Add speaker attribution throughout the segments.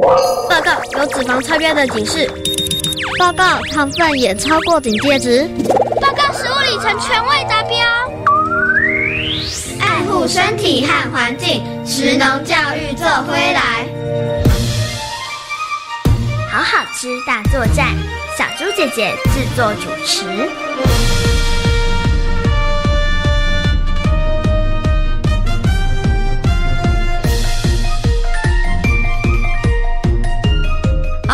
Speaker 1: 報告有脂肪超標的警示，報告糖分也超過警戒值，報告食物里程全未達標。愛護身體和環境，食農教育做回來。好好吃大作戰，小茱姐姐製作主持。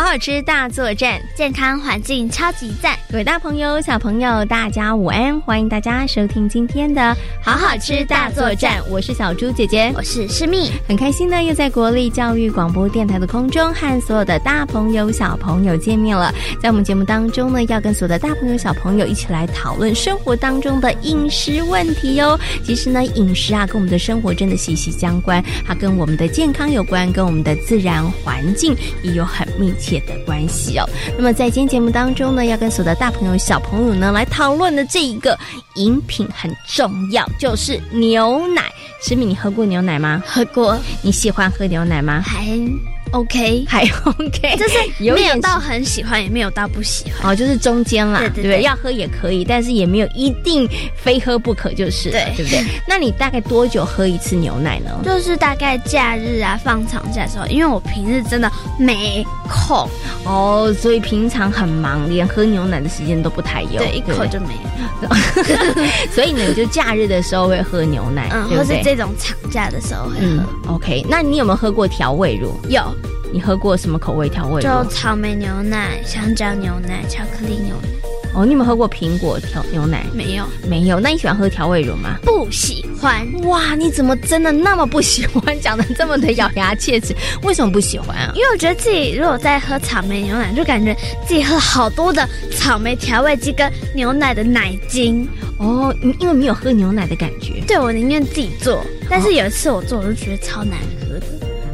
Speaker 2: 好好吃大作戰，健康環境超級贊！各位大朋友、小朋友，大家午安！歡迎大家收聽今天的《好好吃大作戰》，我是小茱姐姐，我是詩宓，很開心呢，又在國立教育廣播電台的空中和所有的大朋友、小朋友見面了。在我們節目當中呢，要跟所有的大朋友、小朋友一起來討論生活當中的飲食問題喲、哦。其實呢，飲食啊，跟我們的生活真的息息相關，它跟我們的健康有關，跟我們的自然環境也有很。密切的關係哦。那麼在今天節目當中呢，要跟所有的大朋友、小朋友呢來討論的這一個飲品很重要，就是牛奶。詩宓，你喝過牛奶嗎？喝過。你喜歡喝牛奶嗎？還。OK，還 OK，就是沒有到很喜歡，也沒有到不喜歡， 哦，就是中間啦，對，對，對，對，對，要喝也可以，但是也沒有一定非喝不可，就是，對，對不對？那你大概多久喝一次牛奶呢？就
Speaker 3: 是大概假日啊，放長假的時候，因為我平日真
Speaker 2: 的沒空哦，所以平常很忙，連喝牛奶的時間都不太有，對，對，對，一口就沒了。 所以呢，就假日的時候會喝牛奶，嗯、對對或是這種
Speaker 3: 長假的時候會喝、嗯。
Speaker 2: OK，那你有沒有喝過調味乳？有。你喝過什麼口味調味乳？就
Speaker 3: 草莓牛奶、香蕉牛奶、巧克力牛奶。
Speaker 2: 哦，你有沒有喝過蘋果調牛奶？沒有，沒有。那你喜歡喝調味乳嗎？不喜歡。哇，你怎麼真的那麼不喜歡？講得這麼的咬牙切齒，為什麼不喜歡啊？因
Speaker 3: 為我覺得自己如果在喝草莓牛奶，就感覺自己喝了好多的草莓調味劑跟牛奶的奶精。哦，因為沒有喝牛奶的感覺。對，我寧願自己做。但是有一次我做，我就覺得超難。哦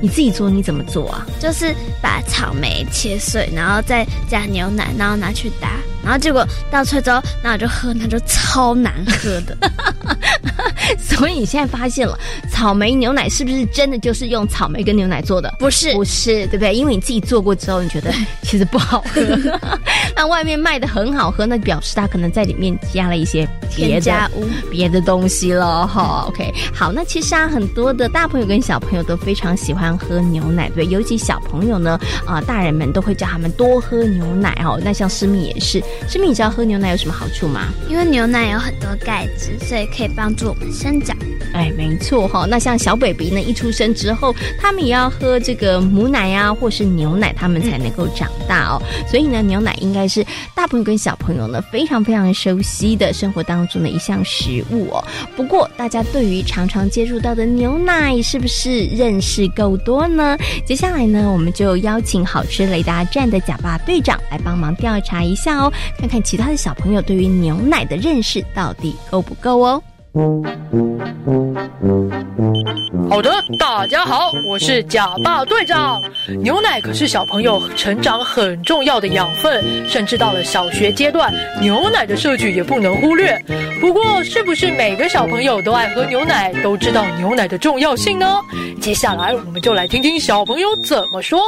Speaker 2: 你自己做你怎麼做啊？
Speaker 3: 就是把草莓切碎，然後再加牛奶，然後拿去打，然後結果
Speaker 2: 倒出來之後，那我就喝，那就超難喝的。 所以你現在發現了，草莓牛奶是不是真的就是用草莓跟牛奶做的？不是，不是，對不對？因為你自己做過之後，你覺得其實不好喝。 那外面賣的很好喝，那表示它可能在裡面加了一些別的家屋別的東西了哈。OK，好，那其實啊，很多的大朋友跟小朋友都非常喜歡喝牛奶，對不對？尤其小朋友呢，啊、呃，大人們都會叫他們多喝牛奶哦。那像詩宓也是，詩宓你知道喝牛奶有什麼好處嗎？因為牛奶有很多鈣質，所以可以幫助我們。生長，哎，沒錯哈、哦。那像小 baby 呢，一出生之後，他們也要喝這個母奶呀、啊，或是牛奶，他們才能夠長大哦。所以呢，牛奶應該是大朋友跟小朋友呢非常非常熟悉的生活當中的一項食物哦。不過，大家對於常常接觸到的牛奶，是不是認識夠多呢？接下來呢，我們就邀請好吃雷達站的假爸隊長來幫忙調查一下哦，看看其他的小朋友對於牛奶的認識到底夠不夠哦。
Speaker 4: 好的，大家好，我是假爸隊長。牛奶可是小朋友成長很重要的養分，甚至到了小學階段，牛奶的攝取也不能忽略。不過，是不是每個小朋友都愛喝牛奶，都知道牛奶的重要性呢？接下來，我們就來聽聽小朋友怎麼說。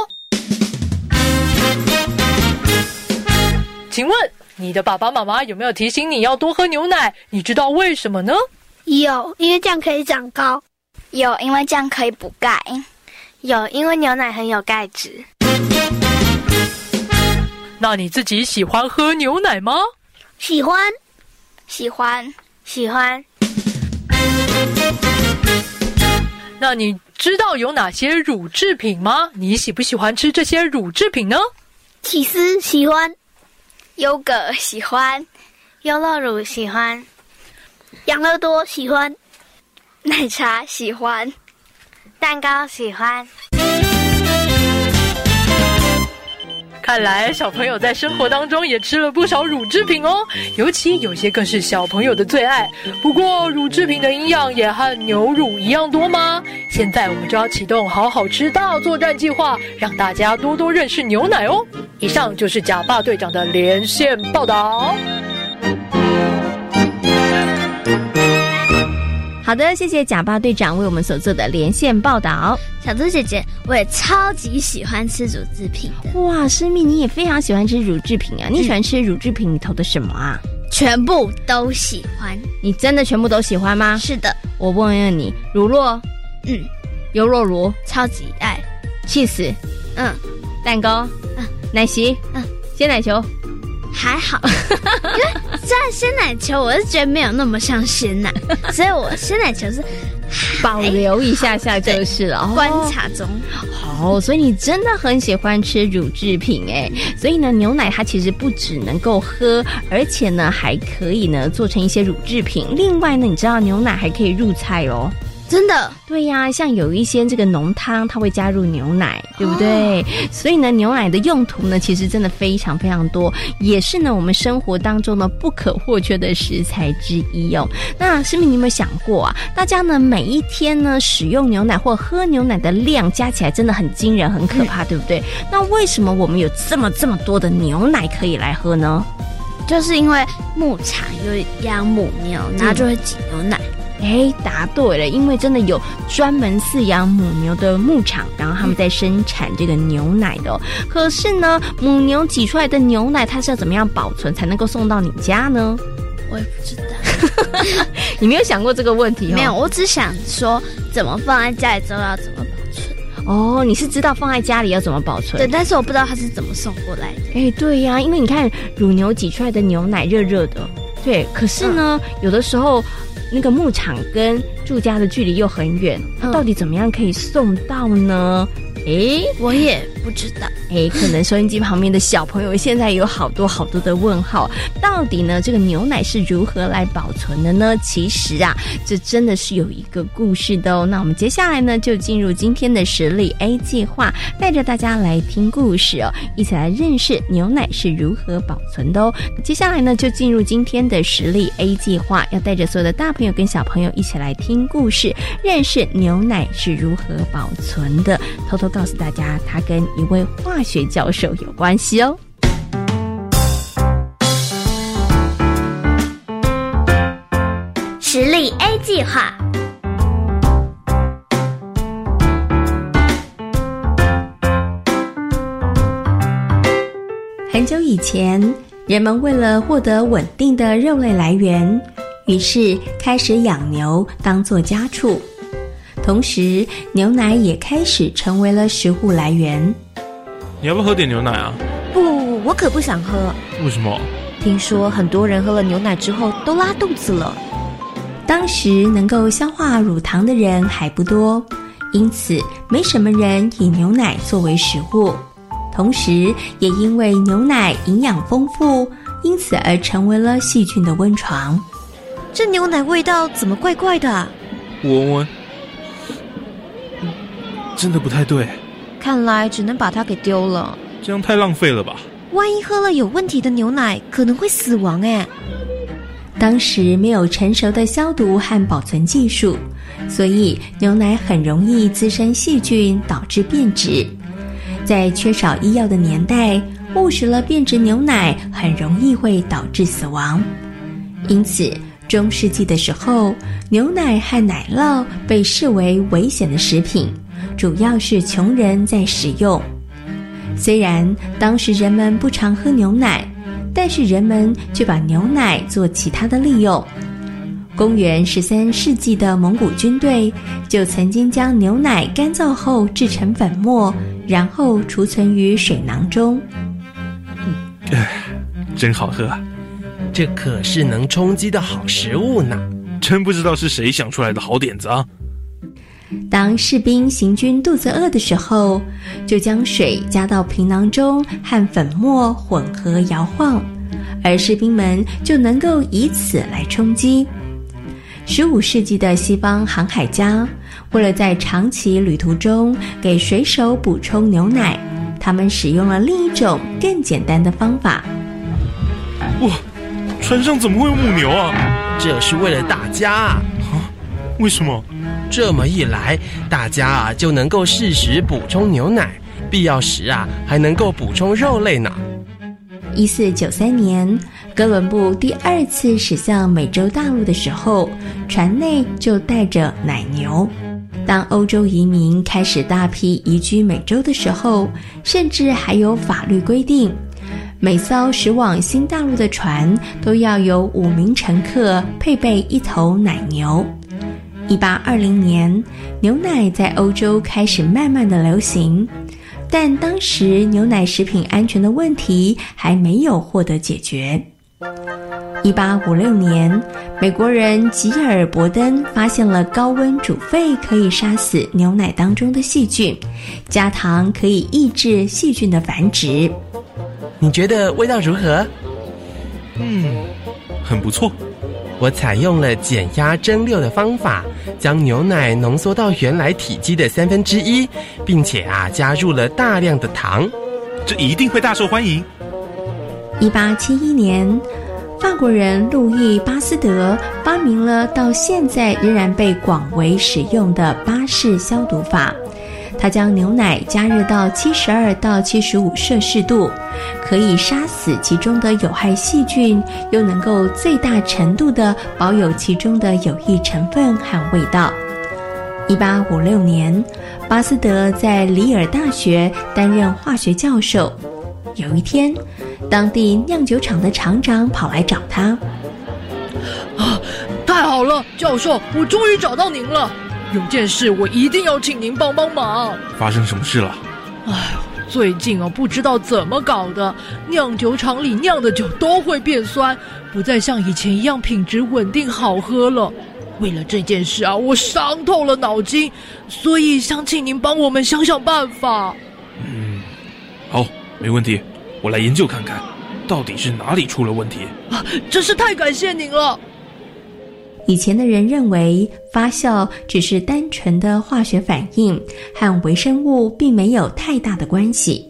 Speaker 4: 請問？你的爸爸媽媽有沒有提醒你要多喝牛奶？你知道為什麼呢？有，因為這樣可以
Speaker 3: 長高；有，因為這樣可以補鈣；有，因為牛奶很有鈣質。
Speaker 4: 那你自己喜歡喝牛奶嗎？喜歡，喜歡，喜歡。那你知道有哪些乳製品嗎？你喜不喜歡吃這些乳製品呢？起司喜歡。優格喜歡，
Speaker 3: 優酪乳喜歡，養樂多喜歡，奶
Speaker 4: 茶喜歡，蛋糕喜歡。看來小朋友在生活當中也吃了不少乳製品哦，尤其有些更是小朋友的最愛。不過乳製品的營養也和牛乳一樣多嗎？現在我們就要啟動“好好吃大作戰”計劃，讓大家多多認識牛奶哦。以上就是假爸隊長的連線報道。好的，謝謝賈
Speaker 2: 巴隊長為我們所做的連線報道小茱姐姐，我也超級喜歡吃乳制品。哇，詩宓，你也非常喜歡吃乳制品啊？你喜歡吃乳制品，嗯？你投的什麼啊？全部都喜歡。你真的全部都喜歡嗎？是的，我問問你，乳酪，嗯，優酪乳超級愛，起司。嗯，蛋糕，嗯，奶昔，嗯，鮮奶球。還好，
Speaker 3: 因為雖然鮮奶球，我是覺得沒有那麼像鮮奶，所以我鮮奶球是
Speaker 2: 保留一下下就是了，哦，觀察中。好，哦，所以你真的很喜歡吃乳制品哎！所以呢，牛奶它其實不只能夠喝，而且呢還可以呢做成一些乳制品。另外呢，你知道牛奶還可以入菜哦。真的對呀、啊，像有一些這個濃湯，它會加入牛奶，對不對、哦？所以呢，牛奶的用途呢，其實真的非常非常多，也是呢我們生活當中呢不可或缺的食材之一哦。那詩宓你有沒有想過啊？大家呢每一天呢使用牛奶或喝牛奶的量加起來真的很驚人、很可怕、嗯，對不對？那為什麼我們有這麼這麼多的牛奶可以來喝呢？就是因為牧場有養母牛，然、嗯、後就會擠牛奶。哎，答對了，因為真的有專門飼養母牛的牧場，然後他們在生產這個牛奶的哦。可是呢，母牛擠出來的牛奶，它是要怎麼樣保存才能夠送到你家呢？
Speaker 3: 我也不知
Speaker 2: 道， 你沒有想過這個問題、哦嗎？沒有，我只想說怎麼放在家裡之後要怎麼保存。哦，你是知道放在家裡要怎麼保存。對，但是
Speaker 3: 我不知道它是怎麼送過來
Speaker 2: 的。哎，對呀、啊，因為你看，乳牛擠出來的牛奶熱熱的，對。可是呢，嗯、有的時候。那個牧場跟住家的距離又很遠，到底怎麼樣可以送到呢？誒，我也不知道。誒，可能收音機旁邊的小朋友現在有好多好多的問號，到底呢，這個牛奶是如何來保存的呢？其實啊，這真的是有一個故事的哦。那我們接下來呢，就進入今天的實力 A 計劃，帶着大家來聽故事哦，一起來認識牛奶是如何保存的哦。接下來呢，就進入今天的實力 A 計劃，要帶着所有的大朋友跟小朋友一起來聽故事，認識牛奶是如何保存的。偷偷告訴大家，他跟一位化學教授有關係哦。
Speaker 1: 實力 A 計劃。
Speaker 2: 很久以前，人們為了獲得穩定的肉類來源，於是開始養牛當做家畜。同時，牛奶也開始成為了食物來源。
Speaker 5: 你要不要喝點牛奶啊？
Speaker 2: 不，我可不想喝。為什麼？聽說很多人喝了牛奶之後都拉肚子了。當時能夠消化乳糖的人還不多，因此沒什麼人以牛奶作為食物。同時，也因為牛奶營養豐富，因此而成為了細菌的溫床。這牛奶味道怎麼怪怪的
Speaker 5: 啊？我聞聞。真的不太對，
Speaker 2: 看來只能把它給丟了。
Speaker 5: 這樣太浪費了吧！
Speaker 2: 萬一喝了有問題的牛奶，可能會死亡哎。當時沒有成熟的消毒和保存技術，所以牛奶很容易滋生細菌，導致變質。在缺少醫藥的年代，誤食了變質牛奶，很容易會導致死亡。因此，中世紀的時候，牛奶和奶酪被視為危險的食品。主要是窮人在使用，雖然當時人們不常喝牛奶，但是人們卻把牛奶做其他的利用。公元十三世紀的蒙古軍隊就曾經將牛奶乾燥後制成粉末，然後儲存於水囊中。
Speaker 5: 哎，真好喝，這可是能充飢的好食物呢。真不知道是誰想出來的好點子啊！
Speaker 2: 當士兵行軍肚子餓的時候，就將水加到皮囊中和粉末混合搖晃，而士兵們就能夠以此來充飢。十五世紀的西方航海家為了在長期旅途中給水手補充牛奶，他們使用了另一種更簡單的方法。
Speaker 6: 哇，船上怎麼會有母牛啊？這是為了大家啊？為什麼？這麼一來，大家啊就能夠適時補充牛奶，必要時啊還能夠補充肉類呢。
Speaker 2: 一四九三年，哥倫布第二次駛向美洲大陸的時候，船內就帶着奶牛。當歐洲移民開始大批移居美洲的時候，甚至還有法律規定，每艘駛往新大陸的船都要有五名乘客配備一頭奶牛。一八二零年，牛奶在歐洲開始慢慢的流行，但當時牛奶食品安全的問題還沒有獲得解決。一八五六年，美國人吉爾伯登發現了高溫煮沸可以殺死牛奶當中的細菌，加糖可以抑制細菌的繁殖。你覺得味道如何？嗯，
Speaker 6: 很不錯。我採用了減壓蒸餾的方法，將牛奶濃縮到原來體積的三分之一，並且啊，加入了大量的糖，這一定會大受歡迎。
Speaker 2: 一八七一年，法國人路易巴斯德發明了到現在仍然被廣為使用的巴氏消毒法。他將牛奶加熱到七十二到七十五攝氏度，可以殺死其中的有害細菌，又能夠最大程度地保有其中的有益成分和味道。一八五六年，巴斯德在里爾大學擔任化學教授。有一天，當地釀酒廠的廠長跑來找
Speaker 4: 他：“啊，太好了，教授，我終於找到您了。”有件事，我一定要請您幫幫忙。
Speaker 5: 發生什麼事了？哎呦，
Speaker 4: 最近啊，不知道怎麼搞的，釀酒廠裡釀的酒都會變酸，不再像以前一樣品質穩定好喝了。為了這件事啊，我傷透了腦筋，所以想請您幫我們想想辦法。
Speaker 5: 嗯，好，沒問題，我來研究看看，到底是哪裡出了問題。啊，真是太感謝您了。
Speaker 2: 以前的人認為發酵只是單純的化學反應，和微生物並沒有太大的關係。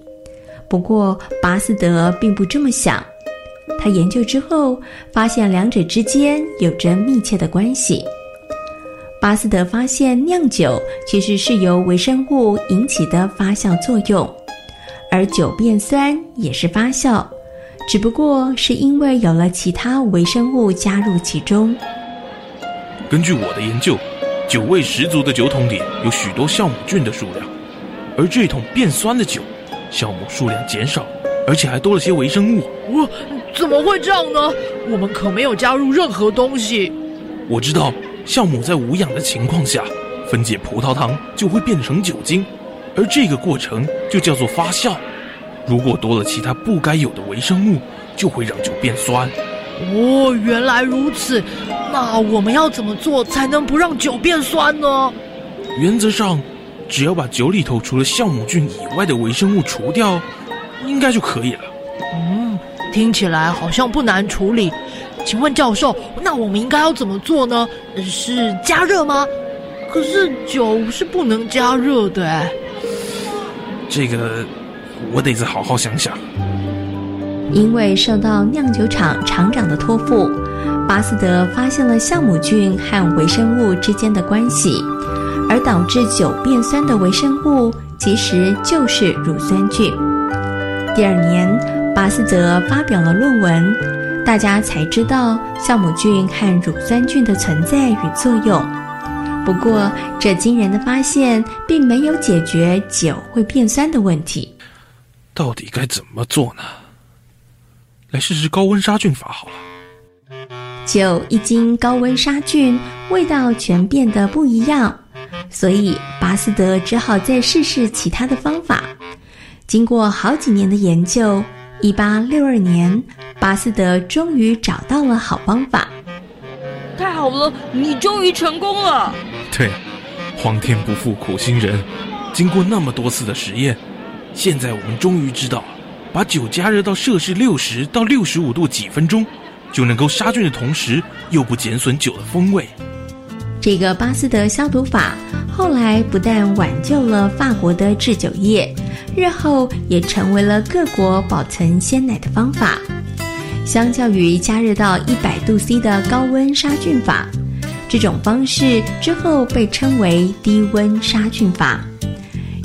Speaker 2: 不過巴斯德並不這麼想，他研究之後發現兩者之間有着密切的關係。巴斯德發現釀酒其實是由微生物引起的發酵作用，而酒變酸也是發酵，只不過是因為有了其他微生物加入其中。
Speaker 5: 根據我的研究，酒味十足的酒桶裡有許多酵母菌的數量，而這一桶變酸的酒，酵母數量減少，而且還多了些微生物。我、哦、怎麼會這樣呢？我
Speaker 4: 們可沒有加入任何東西。
Speaker 5: 我知道，酵母在無氧的情況下分解葡萄糖就會變成酒精，而這個過程就叫做發酵。如果多了其他不該有的微生物，就會讓酒變酸。
Speaker 4: 哦，原來如此，那我們要怎麼做才能不讓酒變酸呢？
Speaker 5: 原則上，只要把酒裡頭除了酵母菌以外的微生物除掉，應該就可以了。
Speaker 4: 嗯，聽起來好像不難處理。請問教授，那我們應該要怎麼做呢？是加熱嗎？可是酒是不能加熱的哎。
Speaker 5: 這個，我得再好好想想。
Speaker 2: 因為受到釀酒廠廠長的托付，巴斯德發現了酵母菌和微生物之間的關係，而導致酒變酸的微生物其實就是乳酸菌。第二年，巴斯德發表了論文，大家才知道酵母菌和乳酸菌的存在與作用。不過，這驚人的發現並沒有解決酒會變酸的問題。
Speaker 5: 到底該怎麼做呢？來試試高溫殺菌法好了。
Speaker 2: 酒一經高溫殺菌，味道全變得不一樣，所以巴斯德只好再試試其他的方法。經過好幾年的研究，一八六二年，巴斯德終於找到了好方法。太好了，你終於成功了。
Speaker 5: 對，皇天不負苦心人。經過那麼多次的實驗，現在我們終於知道。把酒加熱到攝氏六十到六十五度幾分鐘，就能夠殺菌的同時又不減損酒的風味。
Speaker 2: 這個巴斯德消毒法後來不但挽救了法國的制酒業，日後也成為了各國保存鮮奶的方法。相較於加熱到一百度 C 的高溫殺菌法，這種方式之後被稱為低溫殺菌法。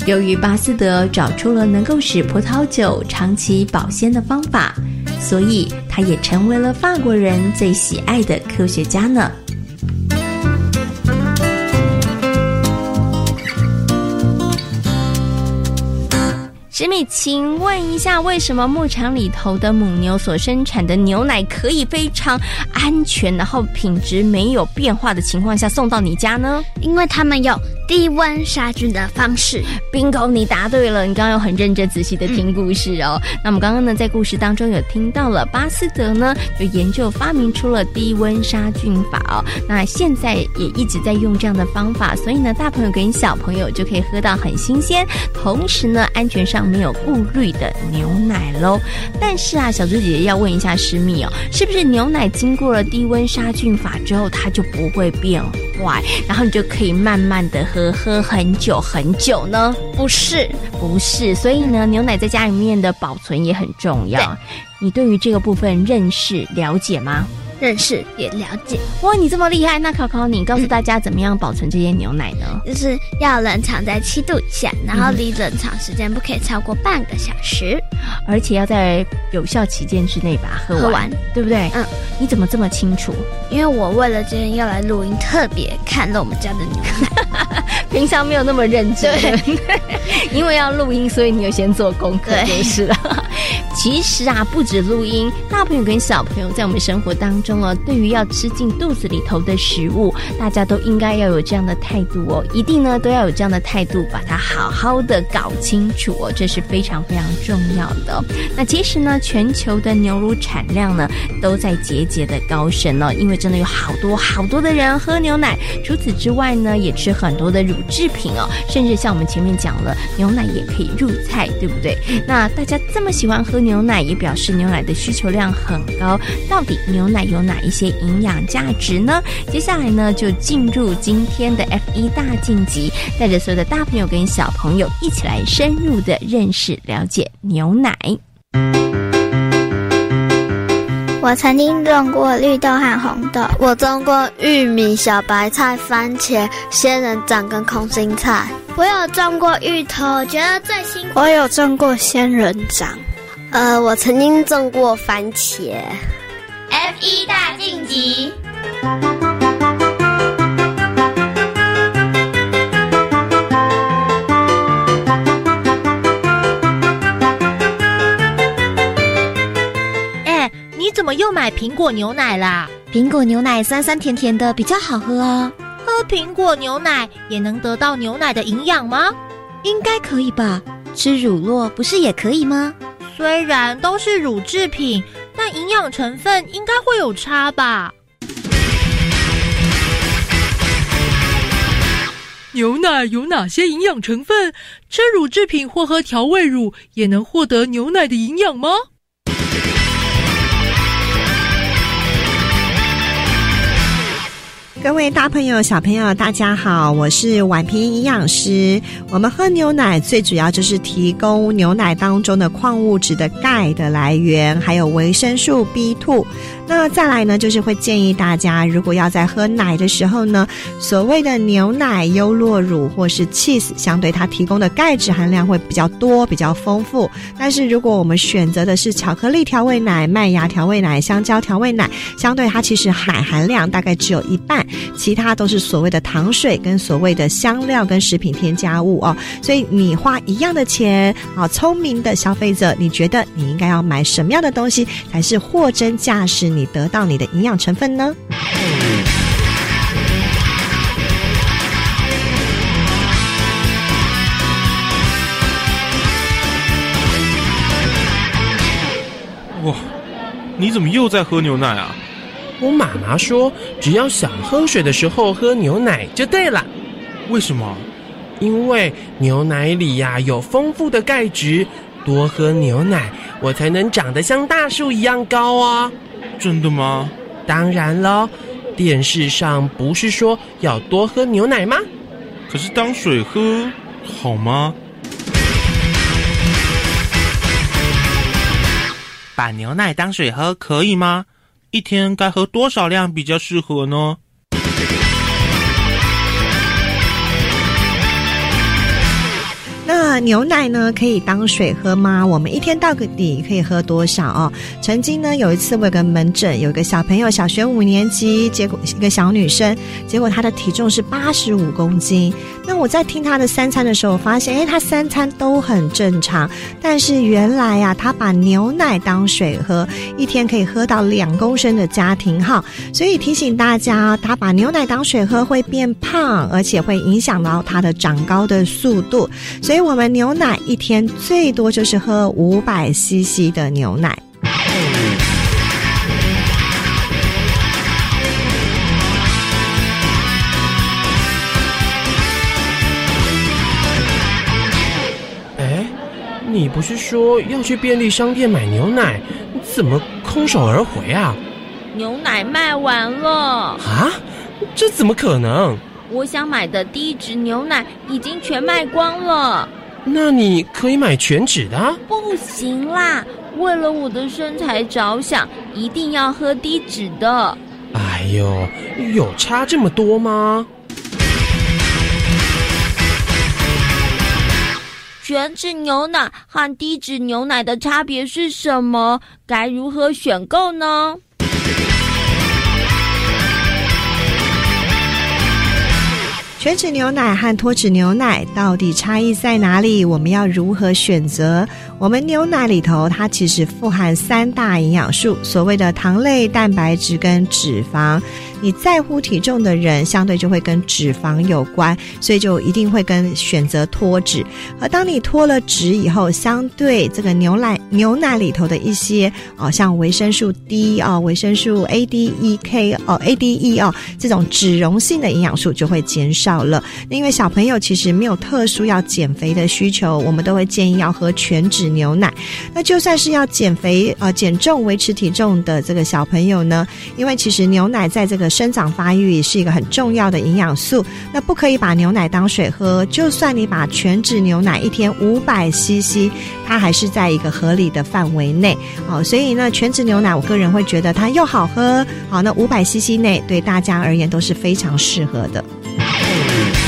Speaker 2: 由於巴斯德找出了能夠使葡萄酒長期保鮮的方法，所以他也成為了法國人最喜愛的科學家呢。詩宓，請問一下，為什麼牧場裡頭的母牛所生產的牛奶可以非常安全，然後品質沒有變化的情況下送到你家呢？因為他們有。低溫殺菌的方式，Bingo，你答對了。你剛剛有很認真仔細的聽故事哦、嗯。那我們剛剛呢，在故事當中有聽到了巴斯德呢，就研究發明出了低溫殺菌法哦。那現在也一直在用這樣的方法，所以呢，大朋友跟小朋友就可以喝到很新鮮，同時呢，安全上沒有顧慮的牛奶嘍。但是啊，小茱姐姐要問一下詩宓哦，是不是牛奶經過了低溫殺菌法之後，它就不會變、哦？然後你就可以慢慢的喝，喝很久很久呢？不是，不是，所以呢，牛奶在家裡面的保存也很重要。對，你對於這個部分認識了解？嗎？認識也了解。哇，你這麼厲害，那考考你，告訴大家怎麼樣保存這些牛奶呢？嗯，就
Speaker 3: 是要冷藏在七度以下，然後離冷藏時間不可以超過半個小
Speaker 2: 時，嗯，而且要在有效期間之內把它喝完，
Speaker 3: 對不對？嗯，
Speaker 2: 你怎麼這麼清楚？
Speaker 3: 因為我為了今天要來錄音，特別看了我們家的牛奶，
Speaker 2: 平常沒有那麼認真， 因為要錄音，所以你有先做功課就是了。其實啊，不止錄音，大朋友跟小朋友在我們生活當中哦，對於要吃進肚子裡頭的食物，大家都應該要有這樣的態度哦。一定呢，都要有這樣的態度，把它好好的搞清楚哦，這是非常非常重要的哦。那其實呢，全球的牛乳產量呢，都在節節的高升呢，因為真的有好多好多的人喝牛奶。除此之外呢，也吃很多的乳製品哦，甚至像我們前面講了，牛奶也可以入菜，對不對？那大家這麼喜歡喝牛。牛奶也表示牛奶的需求量很高。到底牛奶有哪一些營養價值呢？接下來呢，就進入今天的 F 一大晉級，帶着所有的大朋友跟小朋友一起來深入的認識、了解牛奶。我曾經種過
Speaker 1: 綠豆和紅豆，我種過玉米、小白菜、番茄、仙人掌跟空心菜。我有種過芋頭，我覺得最辛苦。我有種過仙人掌。呃，我曾經種過番茄。F1 大
Speaker 3: 晉級。
Speaker 2: 哎，你怎麼又買蘋果牛奶啦？蘋果牛奶酸酸甜甜的，比較好喝哦。喝蘋果牛奶也能得到牛奶的營養嗎？應該可以吧？吃乳酪不是也可以嗎？雖然都是乳製品，但營養成分應該會有差
Speaker 4: 吧？牛奶有哪些營養成分？吃乳製品或喝調味乳也能獲得牛奶的營養嗎？
Speaker 7: 各位大朋友、小朋友，大家好，我是婉萍營養師。我們喝牛奶最主要就是提供牛奶當中的礦物質的鈣的來源，還有維生素 B2。那再來呢，就是會建議大家，如果要在喝奶的時候呢，所謂的牛奶、優酪乳或是 cheese，相對它提供的鈣質含量會比較多、比較豐富。但是如果我們選擇的是巧克力調味奶、麥芽調味奶、香蕉調味奶，相對它其實奶含量大概只有一半，其他都是所謂的糖水跟所謂的香料跟食品添加物哦。所以你花一樣的錢，好聰明的消費者，你覺得你應該要買什麼樣的東西才是貨真價實？你得到你的營養成分呢？
Speaker 6: 哇，你怎麼又在喝牛奶啊？我媽媽說，只要想喝水的時候喝牛奶就對了。為什麼？因為牛奶裡呀，有豐富的鈣質，多喝牛奶，我才能長得像大樹一樣高哦。真的嗎？當然囉，電視上不是說要多喝牛奶嗎？可是當水喝好嗎？
Speaker 5: 把牛奶當水喝可以嗎？一天該喝多少量比較適合呢？
Speaker 7: 牛奶呢，可以當水喝嗎？我們一天到底可以喝多少哦？曾經呢，有一次我有個門診，有個小朋友小學五年級，結果一個小女生，結果她的體重是八十五公斤。那我在聽她的三餐的時候，發現誒，她、哎、三餐都很正常，但是原來啊，她把牛奶當水喝，一天可以喝到兩公升的家庭號。所以提醒大家她、哦、把牛奶當水喝會變胖，而且會影響到她的長高的速度。所以我們。買牛奶一天最多就是喝五百 CC 的牛奶。
Speaker 6: 哎，你不是說要去便利商店買牛奶，怎麼空手而回啊？
Speaker 2: 牛奶賣完了。
Speaker 6: 啊？這怎麼可能？
Speaker 2: 我想買的低脂牛奶已經全賣光了。
Speaker 6: 那你可以買全脂的？
Speaker 2: 不行啦！為了我的身材着想，一定要喝低脂的。
Speaker 6: 哎呦，有差這麼多嗎？
Speaker 2: 全脂牛奶和低脂牛奶的差別是什麼？該如何選購呢？
Speaker 7: 全脂牛奶和脫脂牛奶到底差異在哪裡？我們要如何選擇？我們牛奶裡頭，它其實富含三大營養素，所謂的糖類、蛋白質跟脂肪。你在乎體重的人，相對就會跟脂肪有關，所以就一定會跟選擇脫脂。而當你脫了脂以後，相對這個牛奶牛奶裡頭的一些哦，像維生素 D 哦，維生素 A、D、E、K 哦、A、D、E 哦，這種脂溶性的營養素就會減少了。因為小朋友其實沒有特殊要減肥的需求，我們都會建議要喝全脂。牛奶，那就算是要減肥、呃減重、維持體重的這個小朋友呢，因為其實牛奶在這個生長發育也是一個很重要的營養素，那不可以把牛奶當水喝，就算你把全脂牛奶一天五百 CC，它還是在一個合理的範圍內，好、哦，所以呢全脂牛奶我個人會覺得它又好喝，好、哦，那五百 CC 內對大家而言都是非常適合的。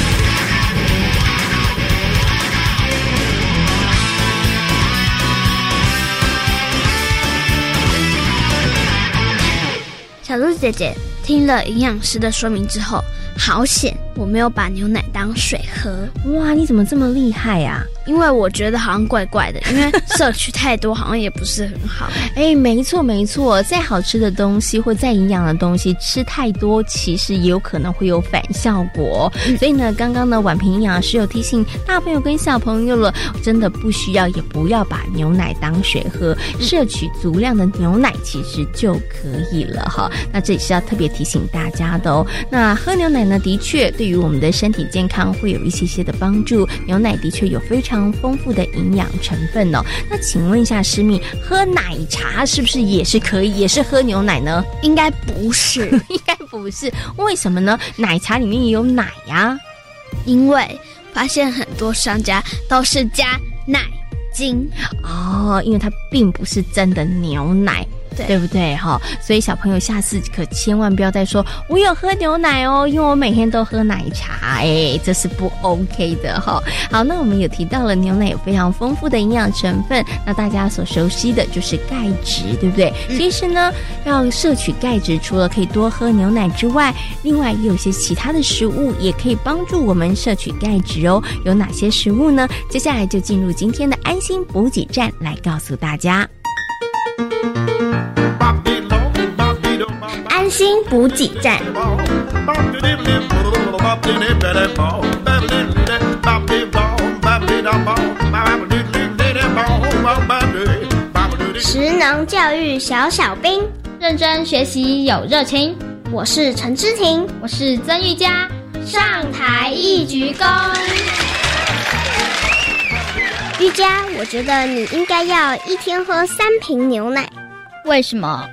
Speaker 1: 小茱
Speaker 3: 姐姐聽了營養師的說明之後，好險。我沒有把牛奶當水喝。
Speaker 2: 哇，你怎麼這麼厲害呀、啊？
Speaker 3: 因為我覺得好像怪怪的，因為攝取太多 好像也不是很好。
Speaker 2: 哎，沒錯沒錯，再好吃的東西或再營養的東西，吃太多其實也有可能會有反效果。嗯、所以呢，剛剛的婉萍營養師有提醒大朋友跟小朋友了，真的不需要也不要把牛奶當水喝，嗯、攝取足量的牛奶其實就可以了哈。那這裡是要特別提醒大家的哦。那喝牛奶呢，的確。對於我們的身體健康會有一些些的幫助，牛奶的確有非常豐富的營養成分哦。那請問一下，詩宓，喝奶茶是不是也是可以，也是喝牛奶呢？應該不是， 應該不是。為什麼呢？奶茶裡面也有奶呀、啊。因
Speaker 3: 為發現很多商家都是加奶
Speaker 2: 精哦，因為它並不是真的牛奶。對，對不對哈？所以小朋友下次可千萬不要再說我有喝牛奶哦，因為我每天都喝奶茶，哎，這是不 OK 的哈。好，那我們有提到了牛奶有非常豐富的營養成分，那大家所熟悉的就是鈣質，對不對？嗯？其實呢，要攝取鈣質，除了可以多喝牛奶之外，另外也有些其他的食物也可以幫助我們攝取鈣質哦。有哪些食物呢？接下來就進入今天的安心補給站來告訴大家。
Speaker 3: 新補
Speaker 6: 給站，
Speaker 1: 食農教育小小兵，認真學習有熱情。我是陳之婷，我是曾玉佳，上台一鞠躬。玉 佳，我覺得你應該要一天喝三瓶牛奶。為什麼？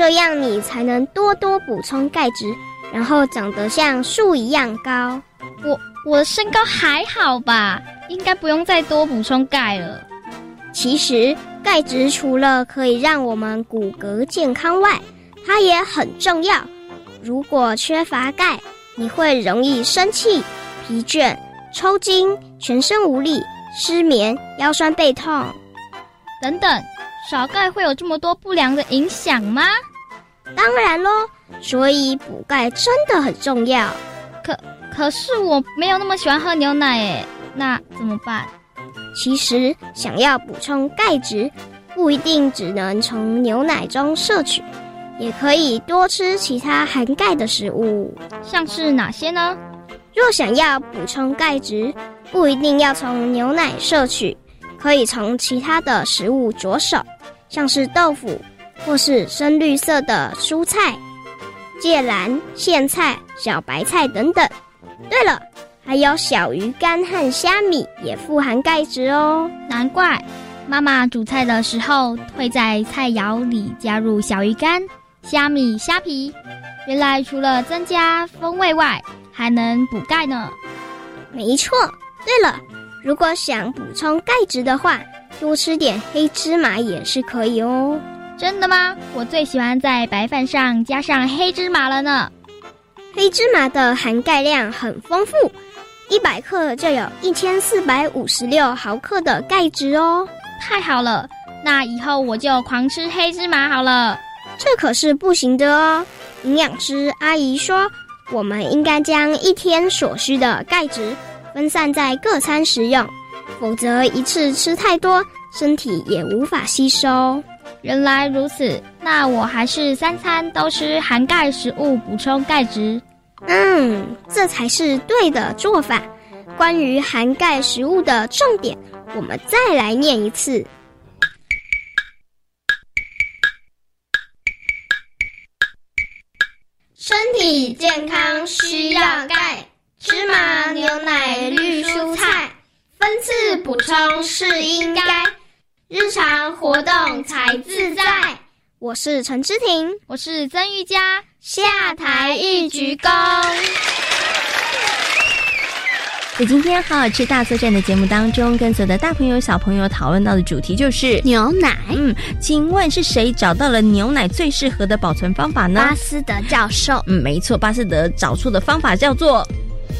Speaker 1: 這樣你才能多多補充鈣質，然後長得像樹一樣高。我我的身高還好吧，應該不用再多補充鈣了。其實鈣質除了可以讓我們骨骼健康外，它也很重要。如果缺乏鈣，你會容易生氣、疲倦、抽筋、全身無力、失眠、腰酸背痛等等。少鈣會有這麼多不良的影響嗎？當然咯，所以補鈣真的很重要。可可是我沒有那麼喜歡喝牛奶誒，那怎麼辦？其實想要補充鈣質，不一定只能從牛奶中攝取，也可以多吃其他含鈣的食物。像是哪些呢？若想要補充鈣質，不一定要從牛奶攝取，可以從其他的食物着手，像是豆腐。或是深綠色的蔬菜，芥藍、莧菜、小白菜等等。對了，還有小魚乾和蝦米也富含鈣質哦。難怪媽媽煮菜的時候會在菜餚裡加入小魚乾、蝦米、蝦皮，原來除了增加風味外，還能補鈣呢。沒錯。對了，如果想補充鈣質的話，多吃點黑芝麻也是可以哦。真的嗎？我最喜歡在白飯上加上黑芝麻了呢。黑芝麻的含鈣量很豐富，一百克就有一千四百五十六毫克的鈣質哦。太好了，那以後我就狂吃黑芝麻好了。這可是不行的哦，營養師阿姨說，我們應該將一天所需的鈣質分散在各餐食用，否則一次吃太多，身體也無法吸收。原來如此，那我還是三餐都吃含鈣食物，補充鈣質。嗯，這才是對的做法。關於含鈣食物的重點，我們再來唸一次。身體健康需要鈣，芝麻、牛奶、綠蔬菜，分次補充是應該。日常活動才自在。我是陳之婷，我是曾玉佳，下台一鞠躬。
Speaker 2: 在今天好好吃大作戰的節目當中，跟所有的大朋友小朋友討論到的主題就是牛奶。嗯，請問是誰找到了牛奶最適合的保存方法呢？巴斯德教授。嗯，沒錯，巴斯德找出的方法叫做。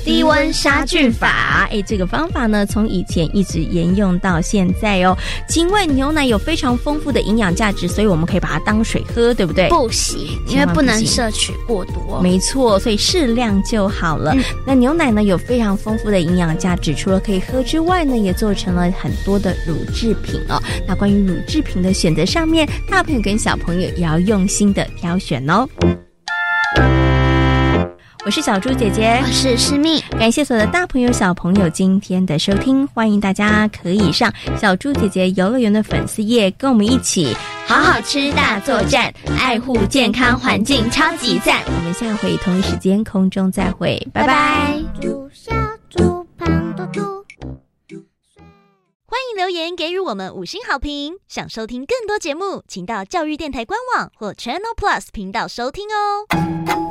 Speaker 2: 低溫殺菌法，哎、嗯，這個方法呢，從以前一直沿用到現在哦。請問，牛奶有非常豐富的營養價值，所以我們可以把它當水喝，對不對？不行，不行，因為不能攝取過多。沒錯，所以適量就好了，嗯。那牛奶呢，有非常豐富的營養價值，除了可以喝之外呢，也做成了很多的乳製品哦。那關於乳製品的選擇上面，大朋友跟小朋友也要用心的挑選哦。我是小茱姐姐，我是詩宓。感謝所有的大朋友、小朋友今天的收聽，歡迎大家可以上小茱姐姐遊樂園的粉絲頁，跟我們一起好好吃大作戰，愛護健康環境，超級讚！ 我們下回同一時間空中再會，拜拜。 bye bye 豬小豬，豬胖嘟嘟，歡迎留言給予我們五星好評，想收聽更多節目，請到教育電臺官網或 Channel Plus 頻道收聽哦。